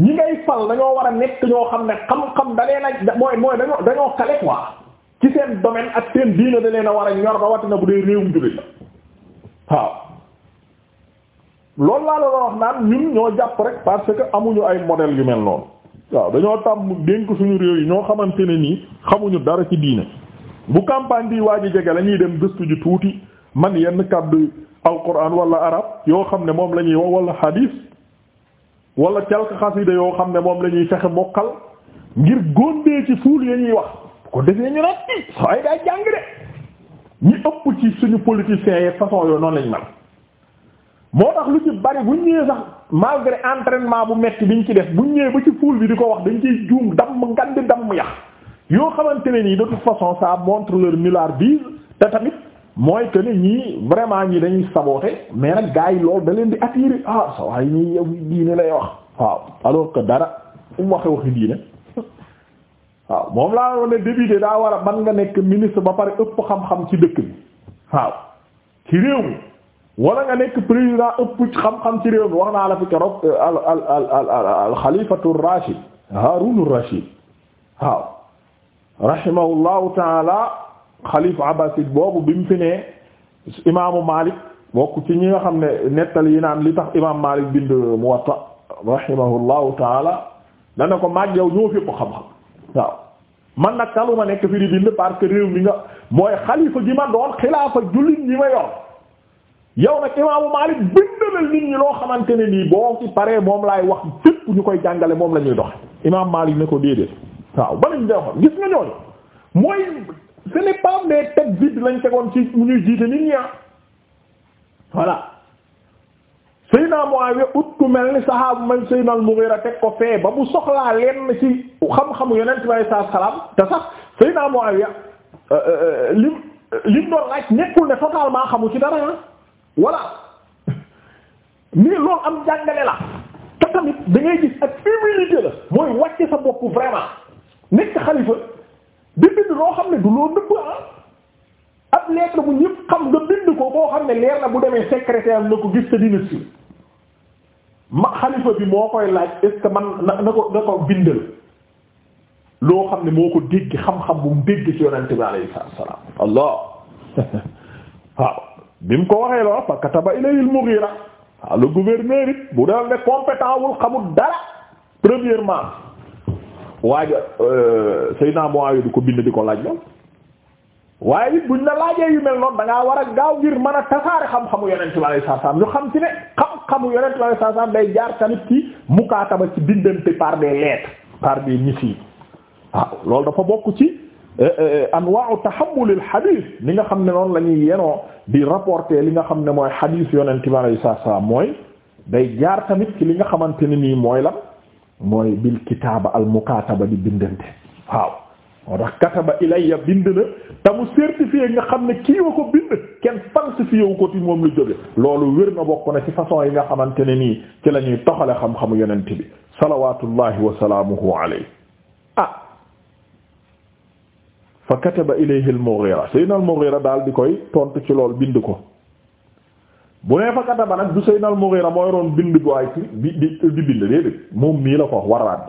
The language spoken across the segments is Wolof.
ñi ngay fal dañoo war a nekk ñoo xam ne xam-xam da leen a mooy mooy dañoo dañoo kale quoi ci seen domaine ak seen diina da leen a war a ñor rawatina bu dee réewum jullit la waaw loolu laa la doon wax naan ñun ñoo jàpp rek parce que amuñu ay modèle yu mel noonu waaw dañoo tàmm dénk suñu réew yi ñoo xamante ne nii xamuñu dara ci diine bu campagne bi waa ji jege lañuy dem gëstu ji tuuti man yenn kàddu alquran wala arab yoo xam ne moom la ñuy wax wala hadith. wala quelque de yoo xam ne moom la ñuy fexe mokkal ngir góondee ci fuul ya ñuy wax ko defee ñu nag i sooy day jàng de ñi ëpp ci suñu politiciens yi façon yooyu noonu lañ mel moo tax lu ci bari buñ ñëwee sax malgré entraînement bu metti biñ ci def buñ ñëwee ba ci fuul bi di ko wax dañ ciy juum damm ngandi damm yax yoo xamante ne nii de toute façon ça montre leur milliard bi te tamit mooy que ni ñii vraiment ñi dañuy saboter mais nag gars yi loolu da leen di attirer ah sa waay ñii yow diine lay wax waaw alors que dara fu mu waxee waxi diine waaw moom laa war ne député daa war a man nga nekk ministre ba pare ëpp xam-xam ci dëkk bi waaw ci réew mi wala nga nekk président ëpp xam-xam ci réew mi wax naa la fi keroog euh, al al al al al xalifatu rashid Haarun rashid waaw rahimahullahu taala xalifa abbasid boobu bi mu fi nee imaamu Malik bokk ci ñi nga xam ne nettali yi naan li tax imaamu Malik bind Muwatta rahimahullahu taala dana ko maag yow ñoo fi ko xam-xam waaw man nag taluma nekk fi di bind parce réew mi nga mooy xalifa gi ma doon xilaafa jullit ñi ma yor yow nag imaamu Malik bindalal nit ñi loo xamante ne nii boo ci paree moom laay wax fépp ñu koy jàngale moom la ñuy doxe imaamu Malik ne ko déedéet waaw ba lañ doxal gis nga ñooñu ce n'est pas des têtes tegoon ci mu ñuy jiite nit ñi ah. voilà Seydina Muawiya ut ku mel ni saxaabu man Seydina al-Mughira teg ko fee ba bu soxlaa lenn ci xam-xamu Yonent bi alayhi salaam te sax Seydina Muawiya euh, euh, euh, lim lim doon laaj nekkul ne totalement xamu ci dara ah voilà mais loolu am jàngale la te tamit da ngay gis ak humilité la mooy wàcce sa bopp vraiment nekk xalifa di bind loo xam ne du loo nëbb ah ab lettre bu ñëpp xam nga bind ko boo xam ne leer na bu demee secrétaire na ko gis te dina si ma xalifa bi moo koy laaj est ce que man na na ko bindal loo xam ne moo ko dégg xam-xam bu mu dégg ci yonent bi alayhi waaw bi mu ko waxee loo fa kataba ilayhi al-Mughira waaw le gouverneur it bu daal ne compétent wul xamul dara premièrement waaja euh, Seydina Muawiya di ko bind di ko laaj lool waaye it buñ la laajee yu mel noonu da war a gaaw ngir mën a tasaare xam-xamu yonent bi alayhi salaam ñu xam ci ne xam-xamu yonent bi alayhi salaam day jaar tamit ci mukaataba ci bindante par des lettres par des missives waaw loolu dafa bokk ci euh, euh, anwaa'u tahammulil hadith li nga xam ne noonu lañuy ñuy yenoo di rapporter li nga xam ne mooy hadith yonent bi alayhi salaam mooy day jaar tamit ci li nga xamante ne nii mooy lan mooy bil kitaaba al mukaataba di bindante waaw moo tax kataba ilayya bind na tamu mu nga xam ne kii wa ko bind kenn falsifié wu ko ti moom lu jóge loolu wér na bokk na ci façon yi nga xamante ne nii ci la ñuy toxale xam-xamu yonent bi salawatullahi wa salaamuhu alayhi ah fa kataba ilayhi al mughira sayyidina al daal di koy tontu ci loolu bind ko bu nee fa kataba nag du Seydina al-Mughira moo yoroon bind bu ay ci di di bind déedéet moom mii la ko wax waraat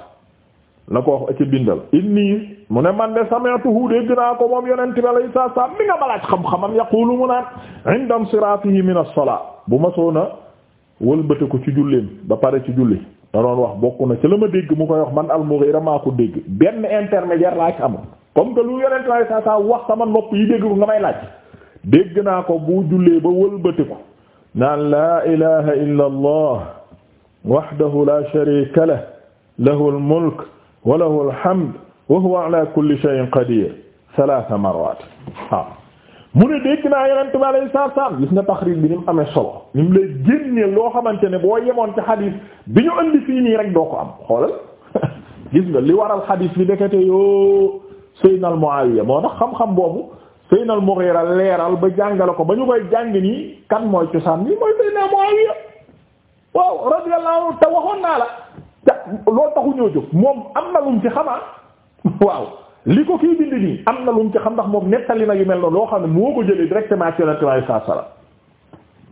la ko wax ci bindal inni mu ne man de sami'tuhu dégg naa ko moom yonent bi alayhi salaam mi nga balaaj xam-xamam yaqulu mu naan inda insirafihi min as-salaa bu ma soona wëlbate ko ci julleem ba pare ci julli da doon wax bokk na ci la ma dégg mu koy wax man al-Mughira maa ko dégg benn intermédiaire laa ci amul comme que lu yonent bi alayhi salaam yi dégg ko nga laaj dégg naa bu jullee ba wëlbate ko naan laa ilaha illa allah wahdahu la sharika lah lahu almulk wa lahu alhamd wa huwa ala kulli shay'in qadir thalatha marrat waaw mu ne dégg naa yonent bi alayhi salaatu salaam gis nga taxrib bi ni mu amee solo ni mu lay génne loo xamante ne boo yemoon ci xadis bi ñu andi fii nii rek doo ko am xoolal gis nga li waral xadis bi dekete yoo Seydina Muawiya moo tax xam-xam boobu Seydina Mughira leeral ba jàngale ko ba ñu koy jàng nii kan mooy cosaan nii mooy Seydina Muawiya waaw radiyallahu anhu te waxoon naa la te taxu ñoo jóg moom am na lum ci xamaa ah. waaw li ko kii bind nii am na mu ci xam ndax moom nettali na yu mel no loo xam ne moo ko jëlee directement ci Yonent bi sallallahu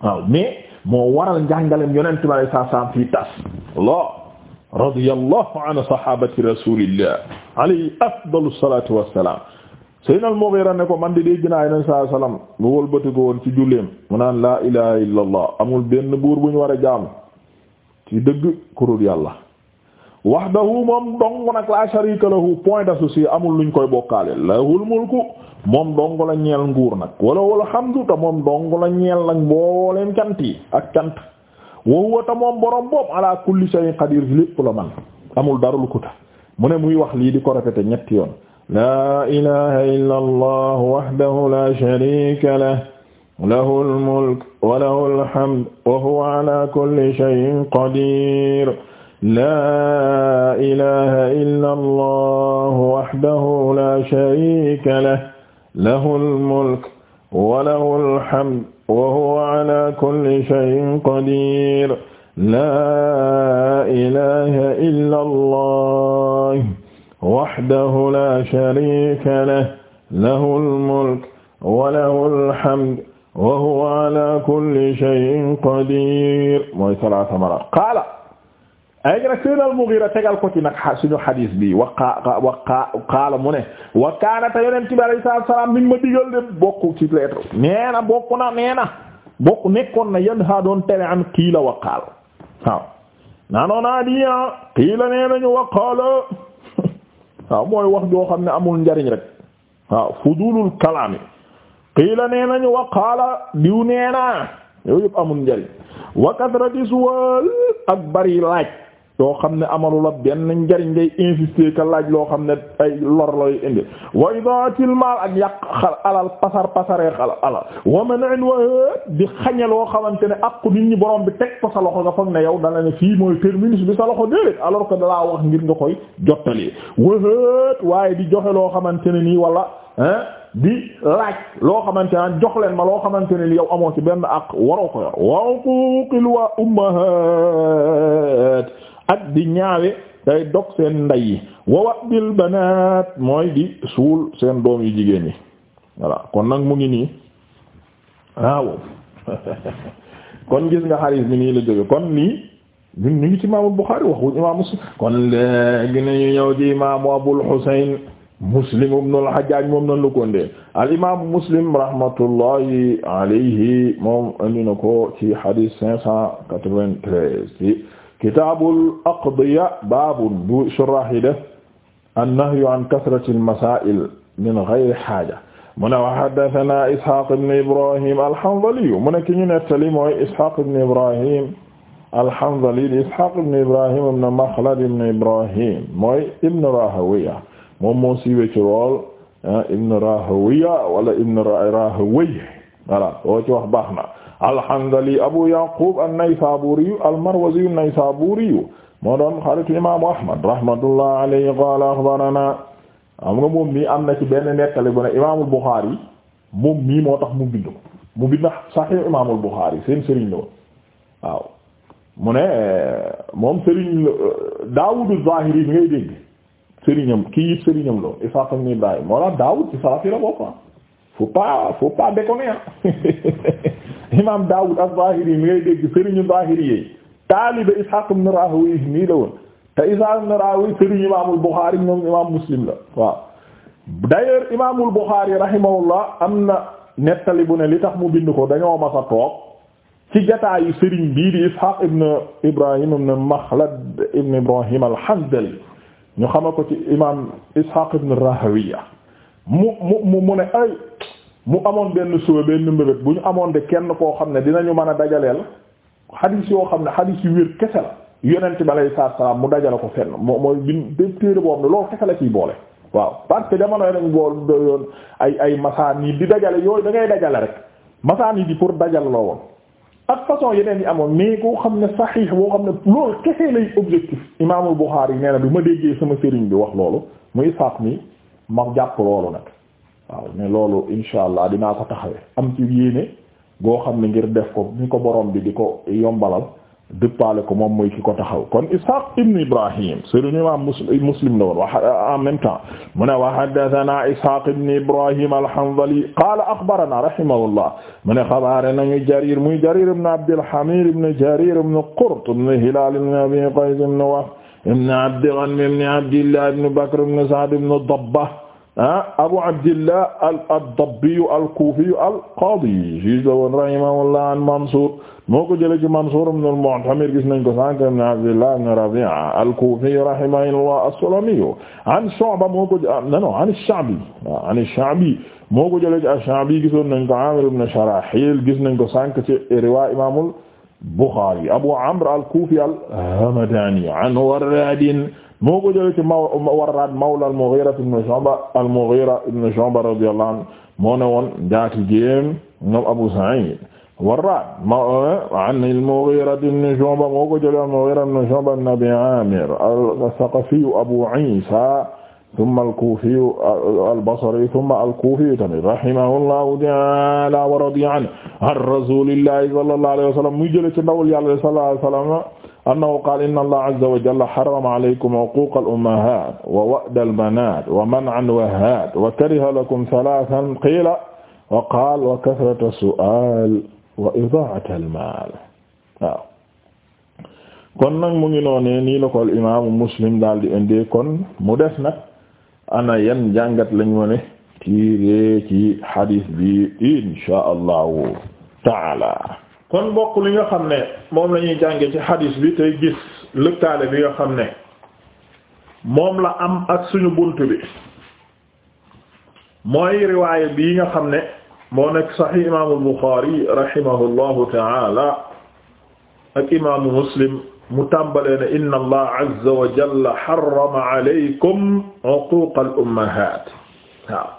alayhi mi moo waral njàngaleem Yonent bi sallallahu alayhi wasallam fii tas Allah radiyallahu an sahabati rasulillah alayhi Seynal Mughira ne ko man di dégg naa yeneen saa salaam bu wëlbatiku woon ci julleem mu naan laa ilaaha illallah amul benn buur bu ñu war a jaamu ci dëgg kurul yàlla wax wahdahu moom dong nag laa sharika lahu point d'associé amul luñ koy bokkaale lahul mulku moom dong la ñeel nguur nag wala wala hamdu te moom dong la ñeel nag mbooleem cant yi ak cant wa huwa te moom borom boobu ala kulli shay'in qadir lépp la man amul dara lu ko mu ne muy wax lii di ko répété ñetti yoon. laa ilaha illa allah wahdahu la sharika lah lahu almulk wa lahu alhamd wa huwa ala kulli shay'in qadir laa ilaha illa allah wahdahu la sharika lah lahu almulk wa lahu alhamd wa huwa ala kulli shay'in qadir laa ilaha illa allah wahdahu la sharika lahu lahul mulk wa lahul hamd wa huwa ala kulli shay'in qadir mooy salaasa mara qaala ay nag seen al-Mughira tegal ko ci nag suñu xadis bi wa qaala mu ne wa kaana te yonent bi alayhi salaatu wa salaam min ma digal de bokk ci lettre nee na bokk na nee na bokk nekkoon na yanha doon tere an qiila wa qaala waaw naanoona adiya ah, qiila nee nañu wa qaala waaw mooy wax joo xam ne amul njariñ rek waaw fudulul kalaami qiila nee nañu wa qaala diw nee naa yooyu yëpp amul njariñ wa kasrati suwaal ak bari laaj yoo xam ne amalu la benn njariñ ngay insister ka laaj loo xam ne ay lor lay indi wa idaatil maal ak yàq alal pasar pasaree alal wa man'in wa di xañe loo xamante nit ñi borom bi teg ko sa loxo nga foog ne yow dana ne fii mooy terminus bi sa loxo déedéet alors que dalaa wax ngir nga koy jottali wëhët waaye di joxe loo xamante ne nii wala di laaj loo xamante ne jox leen ma loo xamante ne yow amoo ci benn àq waroo ko yor wa uquqil wa ummahat ak di ñaawe day dog seen ndey yi wawat bil banaat mooy di suul seen doom yu jigéen yi voilà kon nag mu ngi nii kon gis nga xaris bi nii la jóge kon nii ñun ñu ngi ci imaamu Abul Husayn Muslim ibn al moom nan la ko ndee al imaamu Muslim rahmatullahi moom andi na ko ci xadis cinq cent quatre-vingt-treize kitaabul aqdiya baabun bu shurah yi def annahyu an kasrati almasail min gayri xaaja mu ne wa haddathana ishaq ibn ibrahim alhanzali mu ne ki ñu nettali mooy ishaq ibn ibrahim alhanzali di ishaq ibn ibrahim ibn makhlad ibn ibrahim mooy ibn rahawiya moom moo siiwe ci lool ah, ibn rahawiya wala ibn rahawiya voilà boo ci wax baax na al-Hanzali Abu Yaqub an-Naysaburi al-Marwazi an-Naysaburi moo doon xaritu imaamu Ahmad rahmatullah alayhi qala akhbarana am nga moom mii am na ci benn nettali bu ne imaamul Bukhari moom mii moo tax mu bind ko mu bind Sahih imaamul Bukhari seen sëriñ la waaw mu ne moom sëriñ Daawudu Zahiri bi sëriñam kii yit sëriñam la woon Ishaq ibn Ibrahim moo la Daawud ci salafi la bokk ah. faut pas faut pas déconner imam Daawud az-Zahiri mi ngay dégg sëriñu Zahiri yi taalibe Ishaq ibn Rahowi nii la te Ishaq ibn Rahowi sëriñu imaamul Bukhari moom imam Muslim la waaw d'ailleurs imaamul Bukhari rahimahullah am na nettali bu ne li tax mu bind ko dañoo mas a toog ci jataayu sëriñ bii di Ishaq ibn Ibrahim ibn Makhlad ibn Ibrahim al-Hanzali ñu xama ko ci imam Ishaq Rahowiya mu mu mu ne mu amoon benn suba benn mbébét bu ñu amoon de kenn koo xam ne dinañu man a dajaleel xadiis yoo xam ne xadiis yu wér kese la yonent bi alayhi salaam mu dajale ko fenn moo mooy bin téere boobu ne loolu kese waaw parce que jamono yeneen bool doyoon ay ay masaan yi di dajale yooyu da ngay dajale rek masaan yi di pour dajal la woon ak façon yeneen yi amoon mais koo xam ne saxiix boo xam ne loolu kese lay objectif imaamul Buxaari nee na bi ma déggee sama sëriñ bi wax loolu muy Isaaq mi ma jàpp loolu nag waaw ne loolu insha allah dinaa ko taxawee am ci yéene goo xam ne ngir def ko ni ko borom bi di ko yombalal dëppaale ko moom mooy ki ko taxaw kon ishaq ibn ibrahim sëriñu imam muslim la woon wax en même temps mu ne wa haddathana ishaq ibn ibrahim al-hanzali qaala akhbarana rahimahullah mu ne xabaare nañu jarir muy jarir ibn abd al-hamid ibn jarir ibn qurt ibn hilal ibn abi qais ibn wahb ibn abd ghanm ibn abdillah ibn bakr ibn sa'd ibn dabba Ah, Abu Abdillah ad-Dabbi al-Kufi al-Qadi juge la woon rahimahullah an Mansour moo ko jëlee ci Mansour ibn al-Mu'tamir gis nañ ko sànq ibn Abdillah ibn Rabi'a al-Kufi rahimahullah as-Sulami an Shu'ba moo ko ah, non non an Sha'bi ah, an Sha'bi moo ko jëlee ci Sha'bi gisoon nañ ko Amir ibn Sharahil gis nañ ko sànq ci riwaa Imaamul Bukhari Abu Amr al-Kufi al-Hamadani an Warradin moo ko jëlee ci maw warraad mawla al-Mughira ibn Shu'ba al-Mughira ibn Shu'ba radiyallahu anhu moo ne woon jaati jéem ñoom Abu Sa'id warraad ma eh, an al-Mughira ibn Shu'ba moo ko jëlee al-Mughira ibn Shu'ba ibn Abi Amir al-Thaqafi Abu Isa thumma al-Kufi al-Basri thumma al-Kufi tamit rahimahullahu ta'ala wa radiya anhu an rasulillahi sallallahu alayhi wa sallam muy jëlee ci ndawul yàlla sallallahu alayhi wa sallam annahu qaala inna allaha azza wa jalla harrama alaykum uquuqal ummahaat wa wa'dal banaat wa man'an wahaat wa kariha lakum thalaasan qiila wa qaala wa kathrata su'aal wa idaacatal maal waaw kon nag mu ngi noonee nii la ko al imaamu muslim daal di indee kon mu des nag ana yan jàngat lañ wane tiiree ci hadis bi inshaa allahu taala kon mbokk li nga xam ne moom la ñuy jànge ci xadiis bi tey bi nga xam ne moom la am ak suñu bunt bi mooy riwaaya bi nga xam ne moo nekk saxi imaamu Buxaari rahimahullahu taala ak imaamu Muslim mu tàmbalee ne inna allah azza wa jalla harrama al ummahaat waaw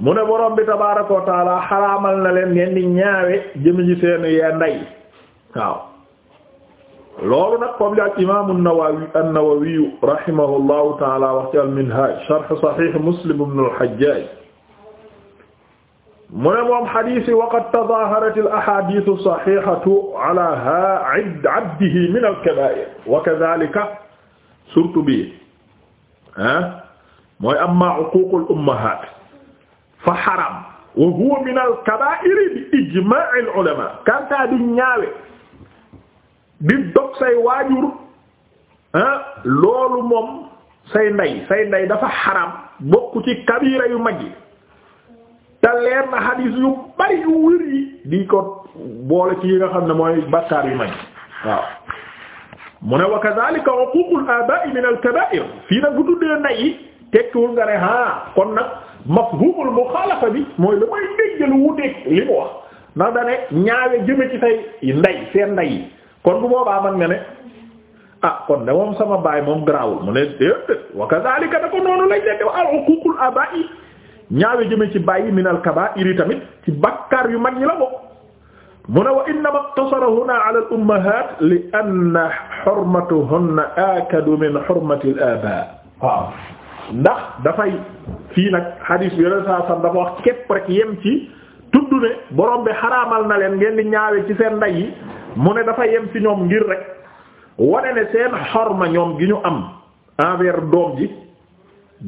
mu ne borom bi tabaaraka wa taala xaraamal na leen ngeen di ñaawe jëmi ci seen yee ndey waaw loolu nag comme li ak imaamu Nawawi an-Nawawi rahimahullahu taala wax ci al-Minhaj sharh Sahih Muslim ibn al-Hajjaj mu ne moom xadiis yi waqad tazaaharat al-ahaadiisu as-sahihatu ala abdihi min al-kabaa'ir wa kadhaalika surtout bi ah mooy amma uquuqul ummahaat fa xaram wa huwa min al bi ijmaa' al ulama kanta di ñaawe di dog say waajur ah loolu moom say ndey say ndey dafa xaram bokk ci kabira yu mag yi leer na xadiis yu bari yu wér yi ko boole ci yi nga xam ne mooy bakkaar yu mag yi waaw mu ne wa kadhalika uququl abaa'i min al fii nag bu tuddee ndey yi tekkiwul nga ne ah kon mafhumul muxaalafa bi mooy la may dégg lu wuteeg li mu wax ndax ñaawe jëme ci say ndey seen ndey yi kon bu boobaa man nga ne ah, kon de moom sama baay moom garaawul mu ne déedéet wa kadhalika da ko noonu ñaawe jëme ci bàyyi min al kaba'ir tamit ci bakkaar yu mag ñi la bokk mu wa innama iqtasara huna ala al ummahat li anna hurmatuhunna min hurmati al aba waaw ndax fii nag hadis bi yoneen saa sam dafa wax képp rek yem ci tudd ne borom bi xaraamal na leen ngeen di ñaawe ci seen ndey yi mu ne dafa yem ci ñoom ngir rek wane ne seen xorma ñoom gi ñu am envers doom ji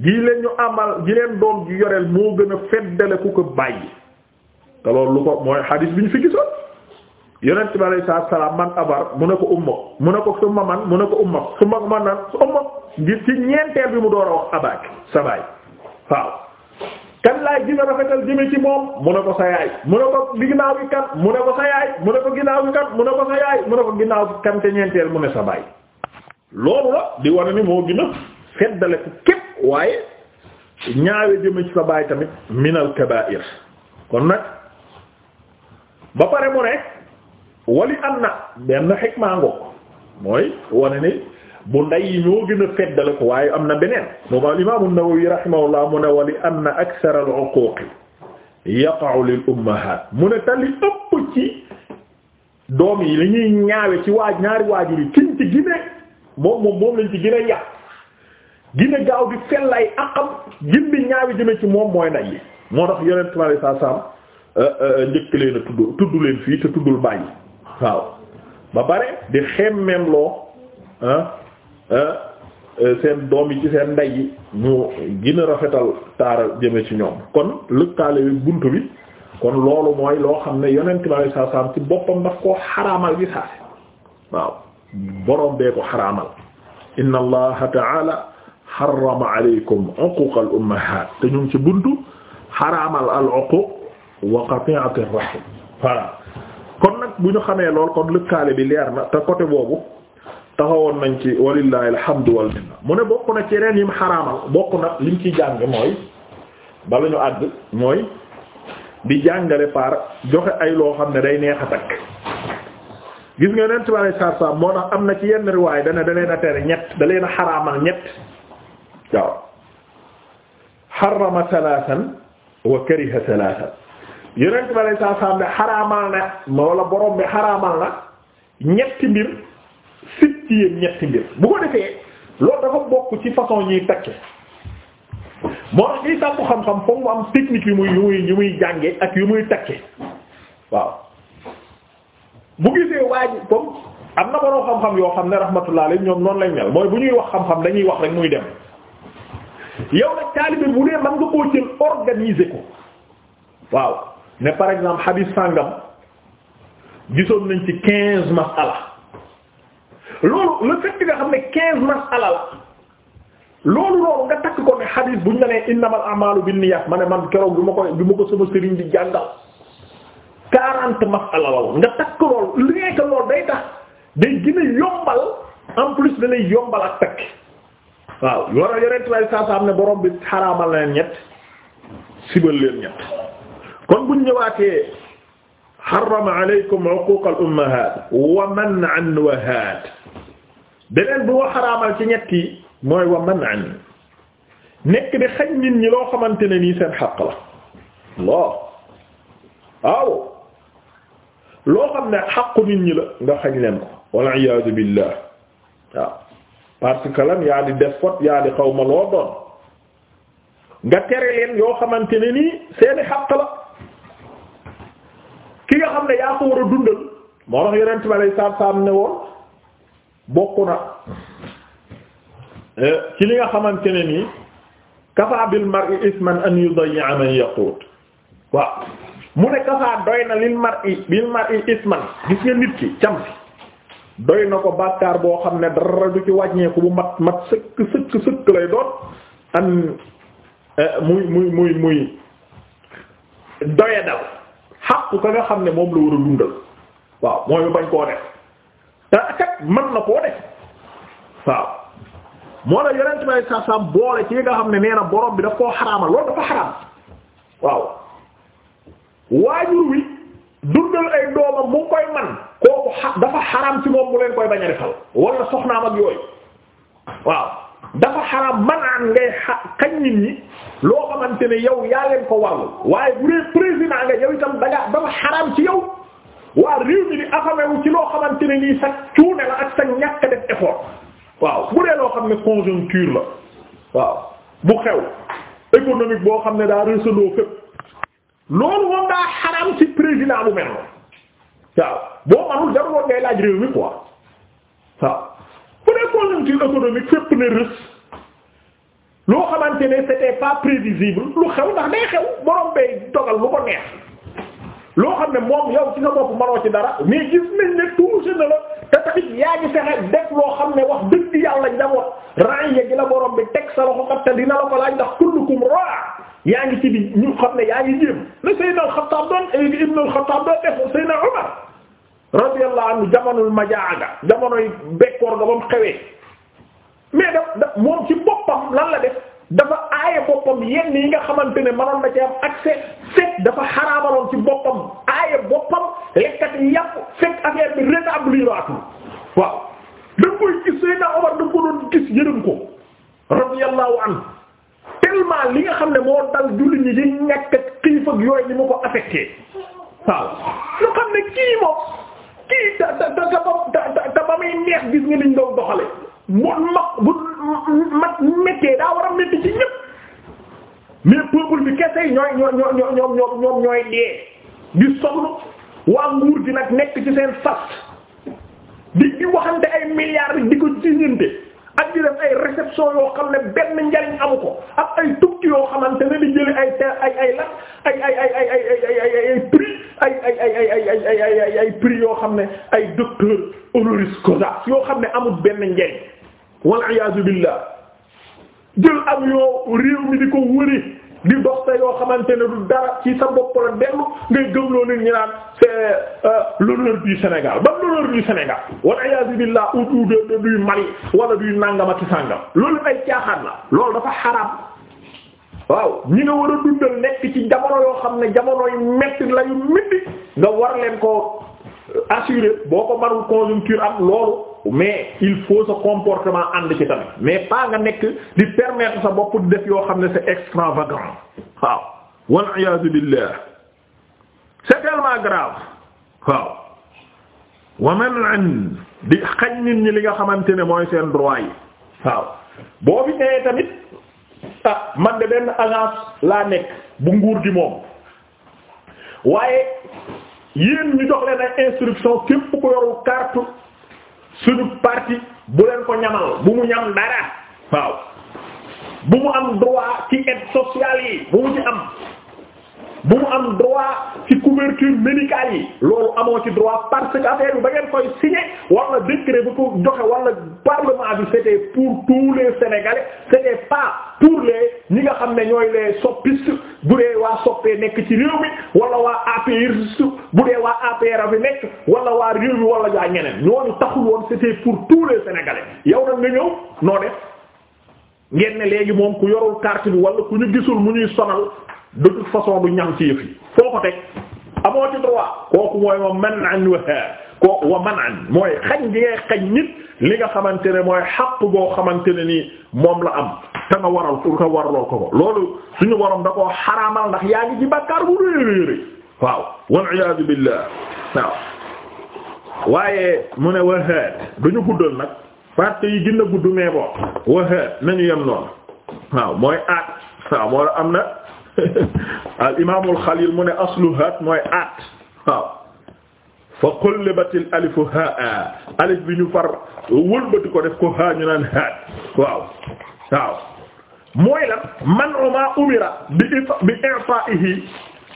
gi leen ñu amal gi leen doom ji yoreel moo gën a feddale ku ko bàyyi te loolu lu ko mooy hadis bi ñu fi gisoon yonent bi alayhi salaatu salaam man abar mu ne ko umma mu ne ko summa man mu ne ko umma summa man na umma ngir ci ñeenteel bi mu door a waaw kan laay gën a rafetal jëme ci moom mu ne ko sa yaay mu ne ko ginnaaw gi kan mu ne ko sa yaay mu ne ko ginnaaw gi kan mu ne ko sa yaay mu ne ko ginnaaw kan te ñeenteel mu ne sa baay loolu la di wane ni moo gën a feddale ko képp waaye ñaawe jëme ci sa baay tamit minal kabaa'ir kon nag ba pare mu ne wali am na benn xikmaango mooy wane ni bu nday yi ñoo gën a feddale ko waaye am na beneen moom al imam an-Nawawi rahimahullah mu ne wali anna akthar al-uquq lil ummahat mu ne tali ëpp ci doom yi li ñuy ñaawe ci waaj ñaari waajur yi kiñ ci gine moom moom moom lañ ci gën a yàq gine gaaw di fell ay aqam gin di ñaawi jëme ci moom mooy nday yi moo tax yonent mi alei saa salam njëkk leen tudd tudd leen fii te tuddul bàyyi waaw ba bare di xemmem loo Euh, euh, seen doom yi ci seen ndey yi ñu gën rafetal taara jëme ci ñoom kon lëkkaale bi bunt bi kon loolu mooy loo xam ne yonent bi alayhi salaam ci boppam daf koo xaraamal gi saase waaw boroom bee ko xaraamal inna allaha ta'ala xarama alaykum uquuq al ñu ci buntu xaraamal al uquuq wa kon nag bu ñu xamee lool kon lëkkaale bi leer na te côté boobu taxawoon nañ ci walillahi alhamdu wal minna mu ne bokk na ci reen yim xaraamal bokk na liñ ci jàng mooy bala ñu àgg mooy di jàngale par joxe ay loo xam ne day neex a takk gis nga neen tibare sar sam moo tax am na ci yenn riwaay dana da leen a tere ñett da leen a xaraamal ñett waaw xarama thalathan wa kariha thalathan yeneen tibare sar sam ne xaraamal na moo la borom bi xaraamal na ñetti mbir sit ci ñetti mbir bu ko defee loolu dafa bokk ci façon ñuy takke moo tax ñuy sàkku xam-xam foog mu am technique yu muy yu muy jànge ak yu muy takke waaw bu gisee waa ji comme am na borom xam-xam yoo xam ne rahmatullah alayhi ñoom noonu lañ mel mooy bu ñuy wax xam-xam dañuy wax rek muy dem yow nag taalibe bu dee man nga koo jël organiser ko waaw ne par exemple hadith sàngam gisoon nañ ci quinze masala loolu le fait nga xam ne quinze masala la loolu loolu nga takk ko ne xadiis buñ la nee innamal a'malu binniyat ma ne man keroog bi ma ko sama sëriñ di jàngal quarante masala la woon nga takk loolu léegi loolu day tax day gën yombal en plus da lay yombal ak takk waaw yore yore tray saa am ne borom bi xaraamal leen ñett sibal leen ñett kon buñ ñëwaatee xarama aleykum uquuq al ummahaat wa man an wahaat beneen bu ma xaraamal ci ñett yi mooy wa man an nekk di xañ nit ñi loo xamante ne nii seen xaq la loo waaw loo xam ne xaqu nit ñi la nga xañ leen ko wal iyaadu billah waaw parce que lan yaa di def fot yaa di xaw ma loo doon nga tere leen yoo xamante ne nii seeni xaq la nga xam ne yaa ko war a dundal moo tax yeneen tubaab yi saab saab ne woon bokk na eh, ci li nga xamante ne nii kafaa bil mar'i isman an yudayya man yaqut waaw mu ne kafaa doy na lil i bil mar'i isman gis nga nit ki cam doy na ko bàkkaar boo xam ne dara du ci wàññeeku bu mat mat sëkk sëkk sëkk lay doon an eh, muy muy muy muy doya dal xàqu ka nga xam ne moom la war a dundal waaw mooy bañ koo def te kat mën na koo def waaw moo la yonent bi saa saa boole ci nga xam ne nee na borom bi daf koo xaraama loolu dafa xaraam waaw waajur wi dundal ay doomam mu koy man kooku dafa xaraam ci moom mu leen koy bañ a defal wala soxnaam ak yooyu waaw dafa xaraam manaan ngay xa xañ nit ñi loo xamante ne yow yaa leen ko warlu waaye bu dee président nga yow itam da nga dafa xaraam ci yow waa réew mi di afamewu ci loo xamante ne nii sax cuune la ak sa ñàkk def effort waaw bu dee loo xam ne conjoncture la waaw bu xew économique boo xam ne daa reseloo fépp loolu moom daa xaraam ci président bu mel noonu waaw boo manul jarul ngay laaj réew mi quoi waaw conjoncture économique fépp loo xamante ne c'était pas prévisible lu xew ndax day xew borom bay dogal lu ko neex loo xam ne moom yow ci sa bopp manoo ci dara mais gis nañ ne touché na te tamit yaa ngi fexe def loo xam ne wax dëgg yàlla njaboot rang ya gi la borom bi teg sa loxo kat te dina la ko laaj ndax kullukum raa yaa ngi ci di ñu xam ne yaa ngi jéem la Seydina Al-Khattab doon Ibn Al-Khattab doon def Seydina Umar radiyallahu anhu jamonul majaaga jamonoy bekkoor nga ba mu mais daf daf moom ci boppam lan la def dafa aaye boppam yenn yi nga xamante ne mënoon na ci am accès fekk dafa xaraamaloon ci boppam aaye boppam lekkati yàpp fekk affaire bi rétabliraatul waaw da koy gis Seydina Omar da ko doon gis yërëm ko radiyallahu anhu tellement li nga xam ne moo dal julli ñi yi ñàkk ak xiif ak yooyu mu ko affecté waaw lu xam ne kii moom kii ta ta ta ta ba muy neex gis nga liñ doon doxale bu mag bu mag méttee daa war a métti ci ñëpp mais peuple bi kese yi ñooy ñoo ñoo ñoo ñoom ñoom ñooy dee di soxlu waa nguur gi nag nekk ci seen fas di di waxante ay milliards di ko jiñante ak di def ay réception yoo xam ne benn njariñ amu ko ak ay tukki yoo xamante ne di jëli ay ay ay la ay ay ay ay ay ay ay prix ay ay ay ay ay ay ay ay prix yoo xam ne ay docteur honoris causa yoo xam ne amul benn njariñ wal iyaazu billah jël am yoo réew mi di ko wëri di dox sa yoo xamante ne du dara ci sa bopp la dellu ngay gëmloo nit ñi naan c'est euh, l'honneur du Sénégal ba l'honneur du Sénégal wal iyaazu duy wala duy nàngam ak sàngam loolu ay caaxaan la loolu dafa xaraam waaw ñi nga war a dundal nekk ci jamono yoo xam ne jamono yu metti la yu metti nga war leen ko assurer boo ko marul conjoncture am loolu mais il faut sa comportement ànd ci tamit mais pas nga nekk di permettre sa bopp def yoo xam ne c'est extravagant waaw wal iyaazu billah c'est tellement grave waaw wa man'an di xañ nit ñi li nga xamante ne mooy seen droit yi waaw boo fi nee tamit ah man de benn agence laa nekk bu nguur gi moom waaye yéen ñu jox leen ay instruction képp ko yoru carte suñu parti bu leen ko ñamal bu mu ñam dara waaw bu mu am droit ci aide sociale yi bu mu ci am bu mu am droit ci couverture médicale yi loolu amoo ci droit parce que affaire bi ba ngeen koy signé wala décret bu ko joxe wala parlement bi c'était pour tous les sénégalais c'était pas pour les ñi nga xam ne ñooy les soppistes bu dee waa soppee nekk ci réew mi wala waa APR bu dee waa APR bi nekk walla waa réew mi wala waa ñeneen ñooñu taxul woon c'était pour tous les sénégalais yow nag nga ñëw noo def ngeen ne léegi moom ku yorul carte bi wala ku mu ñuy de toute façon du ñam ci yëf yi foo ko teg amoo ci droit kooku mooy wa man an wa kooku wa man an mooy xañ gi ngay xañ nit li nga xamante ne mooy xaq boo xamante ne nii moom la am te nga waral nga waralool ko ko loolu suñu waroon da koo xaraamal ndax yaa ngi ci bàkkaar bu réeréeré waaw wal iyaadu billah waaye mu ne wahaat duñu guddoon nag parte yi gën gudd mais bon wahaat nañu yem noonu waaw mooy aat waaw moo am na al imaamul xalil mu ne aslu haat mooy aat waaw fa qullibati alifu haa alif bi ñu far wëlbati ko def ko haa ñu naan haat waaw waaw mooy lan man uma umira bi ifa bi ifaihi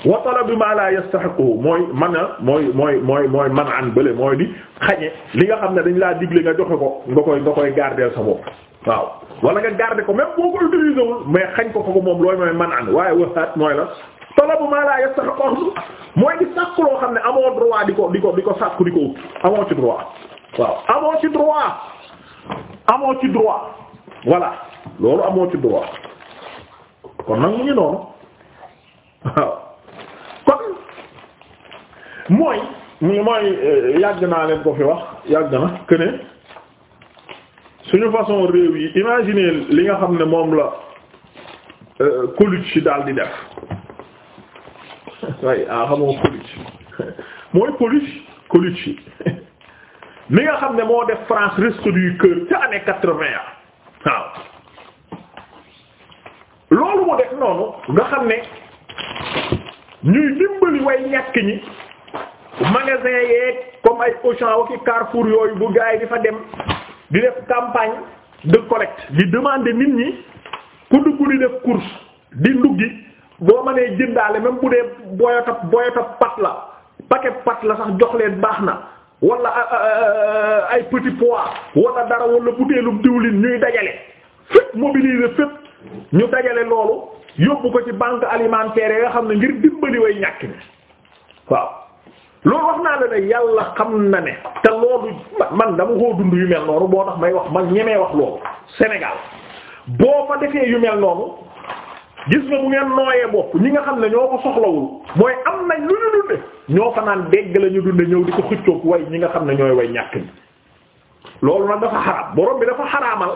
wa talabi ma la yastahiqu mooy man a mooy mooy mooy mooy man an bële mooy di xañe li nga xam ne dañ laa digle nga joxe ko nga koy nga koy gardeel sa bopp waaw wala nga garder ko même boo ko utilisé wul mais xañ ko ko moom looy mooy man an waaye waxaat mooy la talabu ma la yastahiqu mooy di sàkk loo xam ne amoo droit di ko di ko di ko sàkku di ko ut amoo ci droit waaw amoo ci droit amoo ci droit voilà loolu amoo ci droit kon nag mu ngi mooy mooy euh, yàgg naa leen ko wax yàgg na que ne suñu façon réew yi imaginer li nga xam ne moom la euh, Coluche daal di def ah xamoo Coluche mooy Coluche Coluche mi nga xam ne moo def France risque du cœur ca année quatre-vingt waaw loolu mu def noonu nga xam ne ñuy dimbali way ñàkk ñi. magasin yeeg comme ay Auchan wa ki Carrefour yooyu bu gars yi di fa dem di def campagne de collecte di demande nit ñi ku dugg di def course di nduggi boo mënee jëndaale même bu dee boyota boyota pat la paquet pat la sax jox leen baax na wala euh, euh, euh, ay petit pois wala dara wala butéelu diwlin ñuy dajale fépp mobiliser fépp ñu dajale loolu yóbbu ko ci banque alimentaire yi nga xam ne ngir dimbali way ñàkk waaw loolu wax naa la ne yàlla xam na ne te loolu man dama koo dund yu mel noonu boo tax may wax man ñemee wax loolu Sénégal boo fa defee yu mel noonu gis nga bu ngeen nooyee bopp ñi nga xam ne ñoo ko soxlawul mooy am nañ lu ñu dunde ñoo fa naan dégg la ñu dunde ñëw di ko xëccoog way ñi nga xam ne ñooy way ñàkk ñi loolu nag dafa xaraam borom bi dafa xaraamal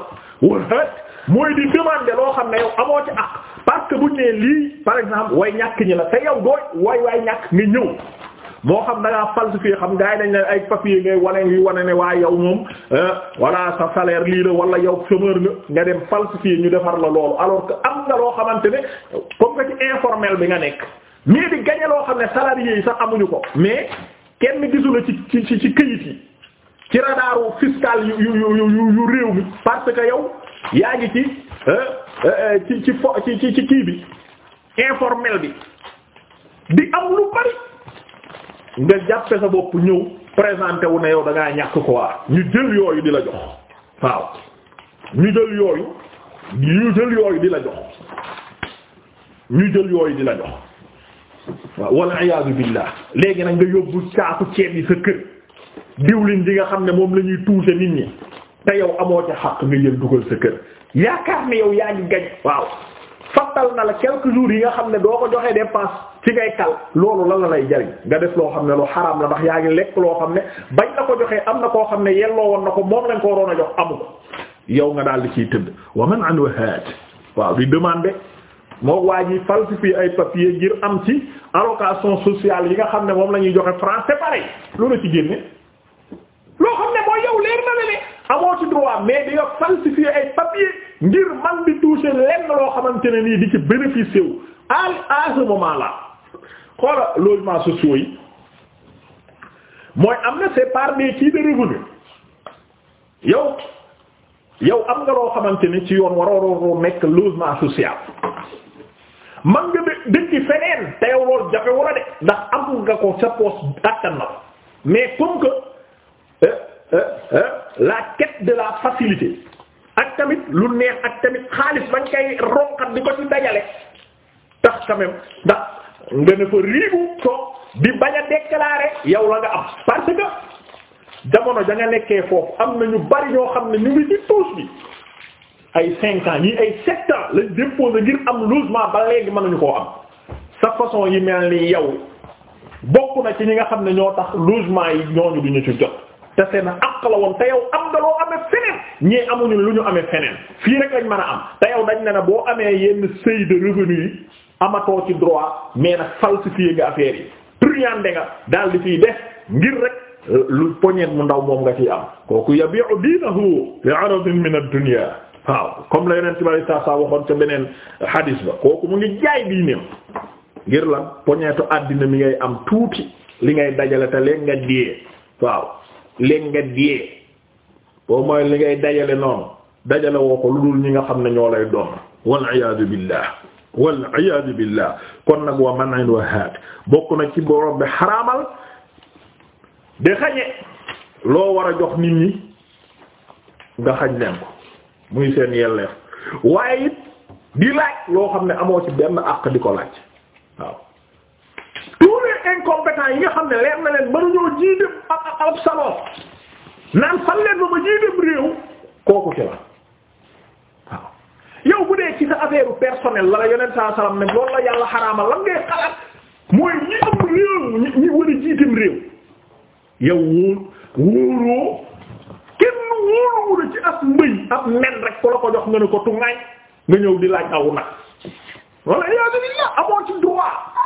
mooy di demander loo xam ne yow amoo ci ak parce que buñ nee lii par exemple way ñàkk ñi la te yow dooy ñàkk nga ñëw moo xam da ngaa falsifié xam gars yi dañ ne ay papier ngay wane ngi wane ne waa yow moom eh, voilà sa salaire lii la wala yow chômeur nga nga dem falsifié ñu defar la loolu alors que am na loo xamante ne comme que ci informel bi nga nekk mais di gagné loo xam ne salarié yi sax amuñu ko mais kenn gisula ci ci ci këyit yi ci radaru fiscal yu yu yu yu réew mi parce que yow yaa ngi ci eh, eh, ci ci ci ci kii bi informel bi di am lu bari nga jàppe sa bopp ñëw présenté wu ne yow da ngaa ñàkk quoi ñu jël yooyu di la jox waaw ñu jël yooyu ñu jël yooyu di la jox ñu jël yooyu di la jox waaw walla iyaazu billaah léegi nag nga yóbbu caaku ceeb yi sa kër diwlin bi nga xam ne moom la ñuy toucher nit ñi te yow amoo ca xaq nga jël dugal sa kër yaakaar ne yow yaa ngi gañ waaw fattal na la quelques jours yi nga xam ne doo ko joxee dépense ci ngay kal loolu lan la lay jariñ nga def loo xam ne lu xaraam la ndax yaa ngi lekk loo xam ne bañ na ko joxee am na koo xam ne yelloo woon na ko moom lañ ko waroon a jox amu yow nga daal di ciy tëdd wa man an waaw di demander moo waa ji falsifier ay papier ngir am ci allocation sociale yi nga xam ne moom la ñuy joxe français pareil loolu la ci génne loo xam ne mooy yow leer na la amoo ci droit mais nga falsifier ay papier ngir man di toucher lenn loo xamante ne nii di ci bénéficier wu à à xoola logements sociaux yi mooy am na c'est par des kii de revenu yow yow am nga loo xamante ni ci yoon waroon nekk logement social man nga dëkk feneen te yow loolu jafe wala de ndax am nga ko sa poche attan na mais comme que euh, euh, euh, la quête de la facilité ak tamit lu neex ak tamit xaalis bañ koy ronkat di ko ci dajale tax quand ndax nga ne fa riigu toog di bañ a déclarer yow la nga am parce que jamono da nekkee foofu am na ñu bari ñoo xam ne ñu ngi ci tuus bi ay cinq ans ñii ay sept ans lañ déposé ngir am logement ba léegi ñu koo am sa façon yi mel ni yow bokk na ci ñi nga xam ne ñoo tax logement yi ñooñu ñu ci jot te seen àq la woon te yow am nga loo amee feneen ñii amuñu lu ñu amee feneen fii rek lañ mën a am te yow dañ ne na boo amee yenn seuil de revenu amatoo ci droit mais nag falsifier nga affaire yi truande nga daal di fiy def ngir rek lu poñet mu ndaw moom nga ciy am kooku yabi'u diinahu bi 'aradin min ad-dunya waaw comme la yeneen ci bari saa ca beneen hadis ba kooku mu ngi jaay diineem ngir lan poñeetu àddina mi ngay am tuuti li ngay dajale te léegi nga diyee waaw léegi nga diyee boo mooy li ngay dajale noonu dajale woo ko lu dul ñi nga xam ne ñoo lay doon wal iyaadu billah wal iyaadu billah kon nag wa man'in wa haat bokk na ci borom bi xaraamal di xañe loo war a jox nit ñi nga xañ leen ko muy seen yelleef waaye it di laaj loo xam ne amoo ci benn àq di ko laaj waaw tous les yi nga xam ne leer na leen mënuñoo jiite ab ab salon naan fan leen ba ma jiite réew kooku ci la. yow bu dee ci sa affaire personnel la la yonent saa salaam ne loolu la yàlla xaraamal lan ngay xalaat mooy ñi am réew ñi war a jiitam réew yow wóor wóoroo kenn wóoroo la ci as mbëy ab nen rek ko la ko jox nga ne ko tuŋaay nga ñëw di laaj aw nag walla yaa billah amoo ci droit